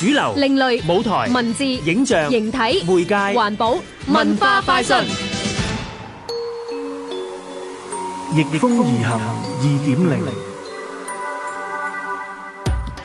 主流、另類、舞台、文字、影像、形體、媒介、環保、文化快訊，逆風而行二點零。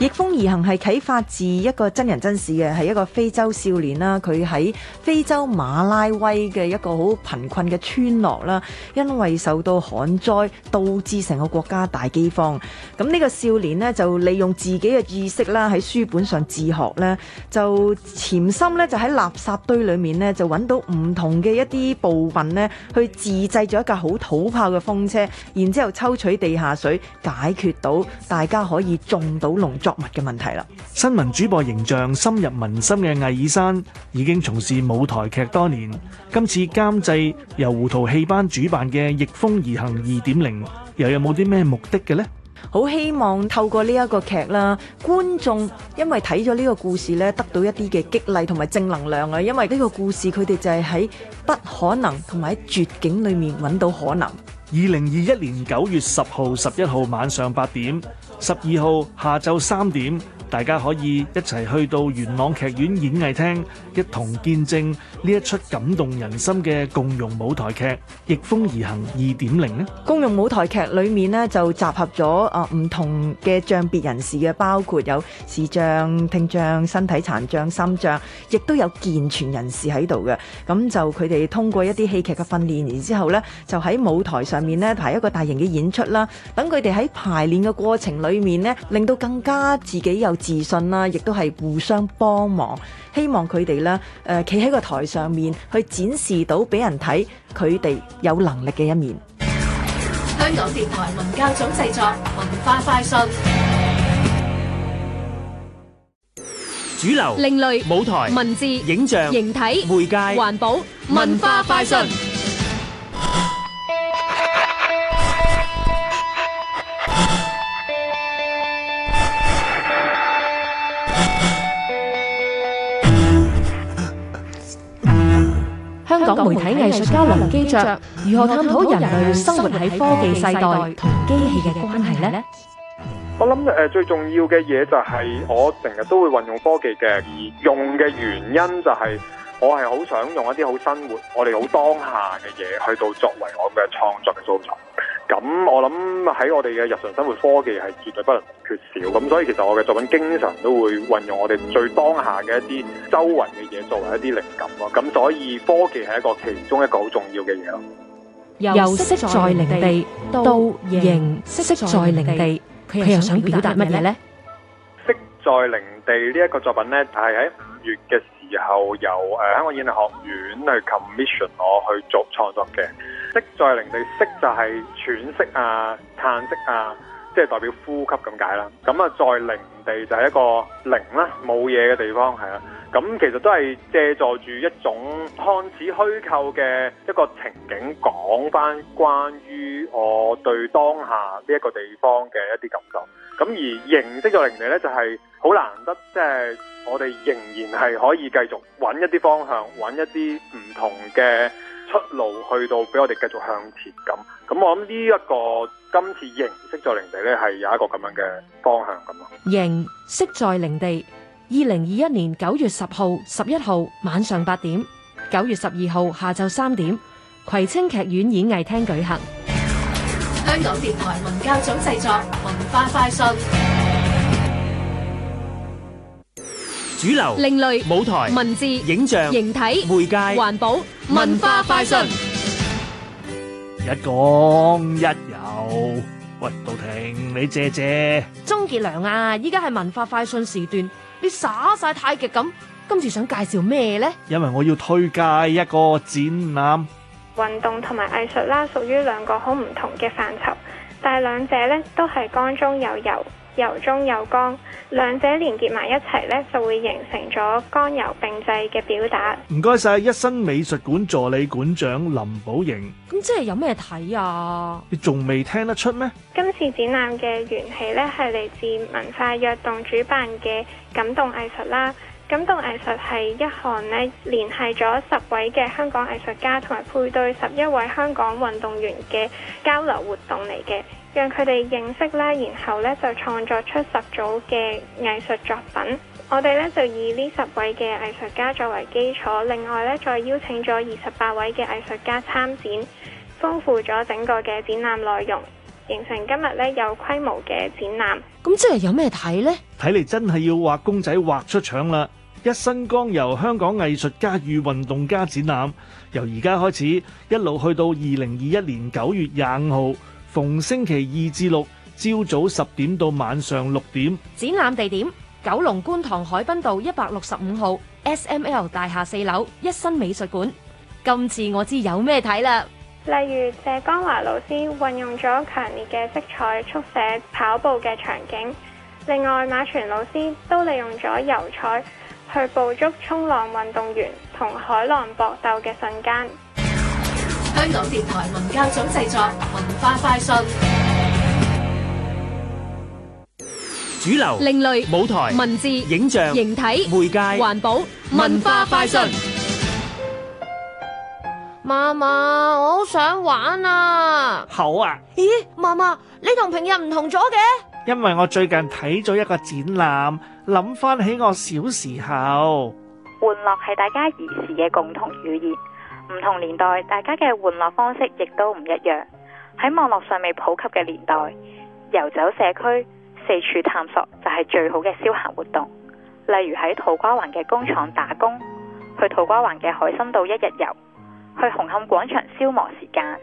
逆風而行係啟發自一個真人真事嘅，係一個非洲少年啦。佢喺非洲馬拉威嘅一個好貧困嘅村落啦，因為受到旱災導致成個國家大饑荒。咁、這、呢個少年呢，就利用自己嘅意識啦，喺書本上自學咧，就潛心咧就喺垃圾堆裏面呢，就揾到唔同嘅一啲部分呢，去自製咗一架好土炮嘅風車，然之後抽取地下水，解決到大家可以種到農作物。物嘅問題啦！新聞主播形象深入民心嘅魏爾山已經從事舞台劇多年，今次監製由胡桃戲班主辦嘅逆風而行二點零，又有冇啲咩目的嘅呢？好希望透過呢一個劇啦，觀眾因為睇咗呢個故事咧，得到一啲嘅激勵同埋正能量啊！因為呢個故事佢哋就係喺不可能同埋喺絕境裡面揾到可能。二零二一年九月十號、十一號晚上八點。十二號下晝三點。大家可以一齊去到元朗劇院演藝廳一同見證呢一出感動人心嘅共融舞台劇《逆風而行二點零》咧。共融舞台劇裏面咧就集合咗啊唔同嘅障別人士嘅，包括有視障、聽障、身體殘障、心障，亦都有健全人士喺度嘅。咁就佢哋通過一啲戲劇嘅訓練，然之後咧就喺舞台上面咧排一個大型嘅演出啦。等佢哋喺排練嘅過程裏面咧，令到更加自己有自信啦，亦都係互相幫忙，希望佢哋咧，誒，企喺個台上面去展示到俾人睇佢哋有能力嘅一面。香港電台文教組製作《文化快訊》，主流、另類、舞台、文字、影像、形體、媒介、環保、文化快訊。媒體藝術家林基卓，如何探討人類生活喺科技世代同機器嘅關係咧？我諗誒、呃，最重要嘅嘢就係我成日都會運用科技嘅，而用嘅原因就係我係好想用一啲好生活、我哋好當下嘅嘢，去到作為我嘅創作嘅素材。咁我諗喺我哋嘅日常生活，科技係絕對不能缺少。咁所以其實我嘅作品經常都會運用我哋最當下嘅一啲周圍嘅嘢作為一啲靈感咯。咁所以科技係一個其中一個好重要嘅嘢咯。由色在靈地到形色在靈地，佢又想表達乜嘢呢？「色在靈地呢一個作品呢，係喺五月嘅時候由誒、呃、香港演藝學院去 commission 我去做創作嘅。息在靈地，息就係喘息啊、嘆息啊，即係代表呼吸咁解啦。咁啊，在靈地就係一個靈啦，冇嘢嘅地方係啦。咁其實都係借助住一種看似虛構嘅一個情景，講翻關於我對當下呢一個地方嘅一啲感受。咁而認識咗靈地呢，就係好難得，即係我哋仍然係可以繼續揾一啲方向，揾一啲唔同嘅。出路，去到俾我哋繼續向前咁，咁我諗呢一個今次形式在零地呢，係有一個咁樣嘅方向咁咯形式在零地，二零二一年九月十號、十一號晚上八點，九月十二號下晝三點，葵青劇院演藝廳舉行。香港電台文教組製作，文化快訊。主流、另類、舞台、文字、影像、形體、媒介、環保、文化快訊，一江一友喂杜婷，你借借？鍾杰良啊，依家係文化快訊時段，你耍晒太極咁，今次想介紹咩呢？因為我要推介一個展覽，運動同埋藝術啦，屬於兩個好唔同嘅範疇，但係兩者呢都係江中有油。柔中有剛，兩者連結埋一齊咧，就會形成咗剛柔並濟嘅表達。唔該晒，一新美術館助理館長林寶瑩。咁即係有咩睇啊？你仲未聽得出咩？今次展覽嘅元氣咧，係嚟自文化躍動主辦嘅感動藝術啦。感動藝術係一項咧，連繫咗十位嘅香港藝術家同埋配對十一位香港運動員嘅交流活動嚟嘅。讓佢哋認識啦，然後咧就創作出十組嘅藝術作品。我哋咧就以呢十位嘅藝術家作為基礎，另外咧再邀請咗二十八位嘅藝術家參展，豐富咗整個嘅展覽內容，形成今日咧有規模嘅展覽。咁即係有咩睇呢？睇嚟真係要畫公仔畫出腸啦！一身光由香港藝術家與運動家展覽，由而家開始一路去到二零二一年九月廿五號。逢星期二至六，朝早十點到晚上六點。展覽地點：九龍觀塘海濱道一百六十五號 SML 大廈四樓，一新美術館。今次我知有咩睇啦！例如謝江華老師運用咗強烈嘅色彩，速寫跑步嘅場景。另外馬泉老師都利用咗油彩去捕捉衝浪運動員同海浪搏鬥嘅瞬間。香港電台文教組製作《文化快訊》，主流、另類、舞台、文字、影像、形體、媒介、環保、文化快訊。媽媽，我好想玩啊！好啊！咦，媽媽，你同平日唔同咗嘅？因為我最近睇咗一個展覽，諗翻起我小時候，玩樂係大家兒時嘅共同語言。唔同年代，大家嘅玩樂方式亦都唔一樣。喺網絡尚未普及嘅年代，遊走社區、四處探索就係、是、最好嘅消閒活動。例如喺土瓜灣嘅工廠打工，去土瓜灣嘅海心島一日遊，去紅磡廣場消磨時間，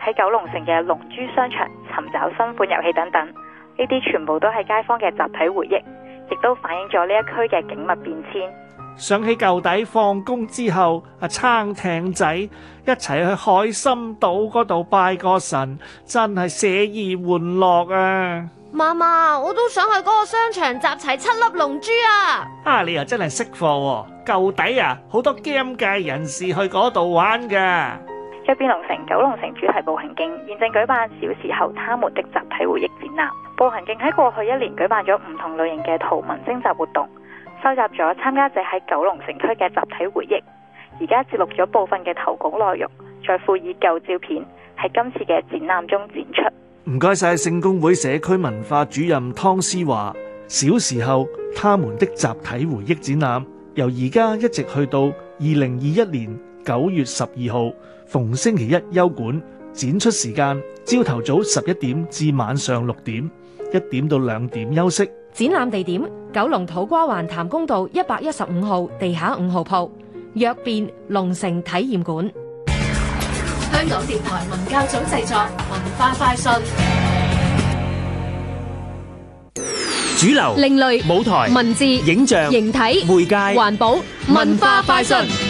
喺九龍城嘅龍珠商場尋找新款遊戲等等，呢啲全部都係街坊嘅集體回憶。亦都反映咗呢一區嘅景物變遷。想起舊底放工之後，阿撐艇仔一齊去海心島嗰度拜個神，真係寫意玩樂啊！媽媽，我都想去嗰個商場集齊七粒龍珠啊！啊，你又真係識貨，啊，舊底啊，好多 game 界人士去嗰度玩噶。一邊龍城，九龍城主題步行徑現正舉辦小時候他們的集體回憶節。步行徑喺過去一年舉辦咗唔同類型嘅圖文徵集活動，收集咗參加者喺九龍城區嘅集體回憶。而家節錄咗部分嘅投稿內容，再附以舊照片，喺今次嘅展覽中展出。唔該晒聖公會社區文化主任湯思華。小時候他們的集體回憶展覽，由而家一直去到二零二一年九月十二號，逢星期一休館。展出時間：朝頭早十一點至晚上六點，一點到兩點休息。展覽地點：九龍土瓜灣譚公道一百一十五號地下五號鋪，約變龍城體驗館。香港電台文教組製作《文化快訊》，主流、另類、舞台、文字、影像、形體、媒介、環保、文化快訊。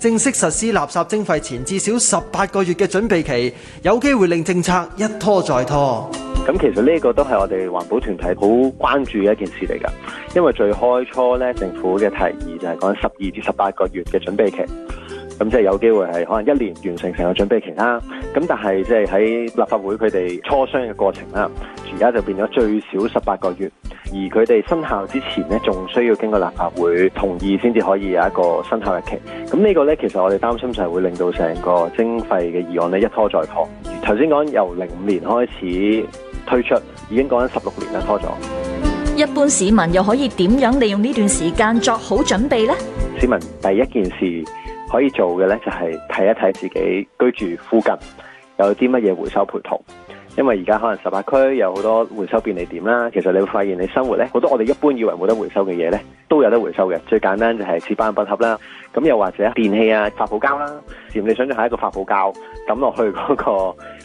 正式實施垃圾徵費前至少十八個月嘅準備期，有機會令政策一拖再拖。咁其實呢個都係我哋環保團體好關注嘅一件事嚟㗎，因為最開初呢政府嘅提議就係講十二至十八個月嘅準備期，咁即係有機會係可能一年完成成個準備期啦。咁但係即係喺立法會佢哋磋商嘅過程啦。而家就變咗最少十八個月，而佢哋生效之前呢，仲需要經過立法會同意先至可以有一個生效日期。咁呢個呢，其實我哋擔心就係會令到成個徵費嘅議案呢一拖再拖。頭先講由零五年開始推出，已經講緊十六年啦，拖咗。一般市民又可以點樣利用呢段時間作好準備呢？市民第一件事可以做嘅呢，就係睇一睇自己居住附近有啲乜嘢回收配套。因為而家可能十八區有好多回收便利店啦，其實你會發現你生活咧，好多我哋一般以為冇得回收嘅嘢咧，都有得回收嘅。最簡單就係紙板筆盒啦，咁又或者電器啊、發泡膠啦，你想想係一個發泡膠抌落去嗰個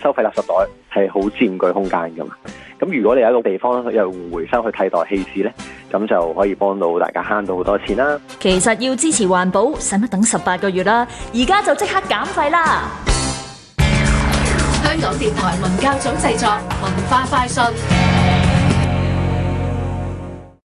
收費垃圾袋係好佔據空間㗎嘛。咁如果你有一個地方用回收去替代棄置咧，咁就可以幫到大家慳到好多錢啦。其實要支持環保，使乜等十八個月啦？而家就即刻減費啦！香港電台文教組製作《文化快訊》。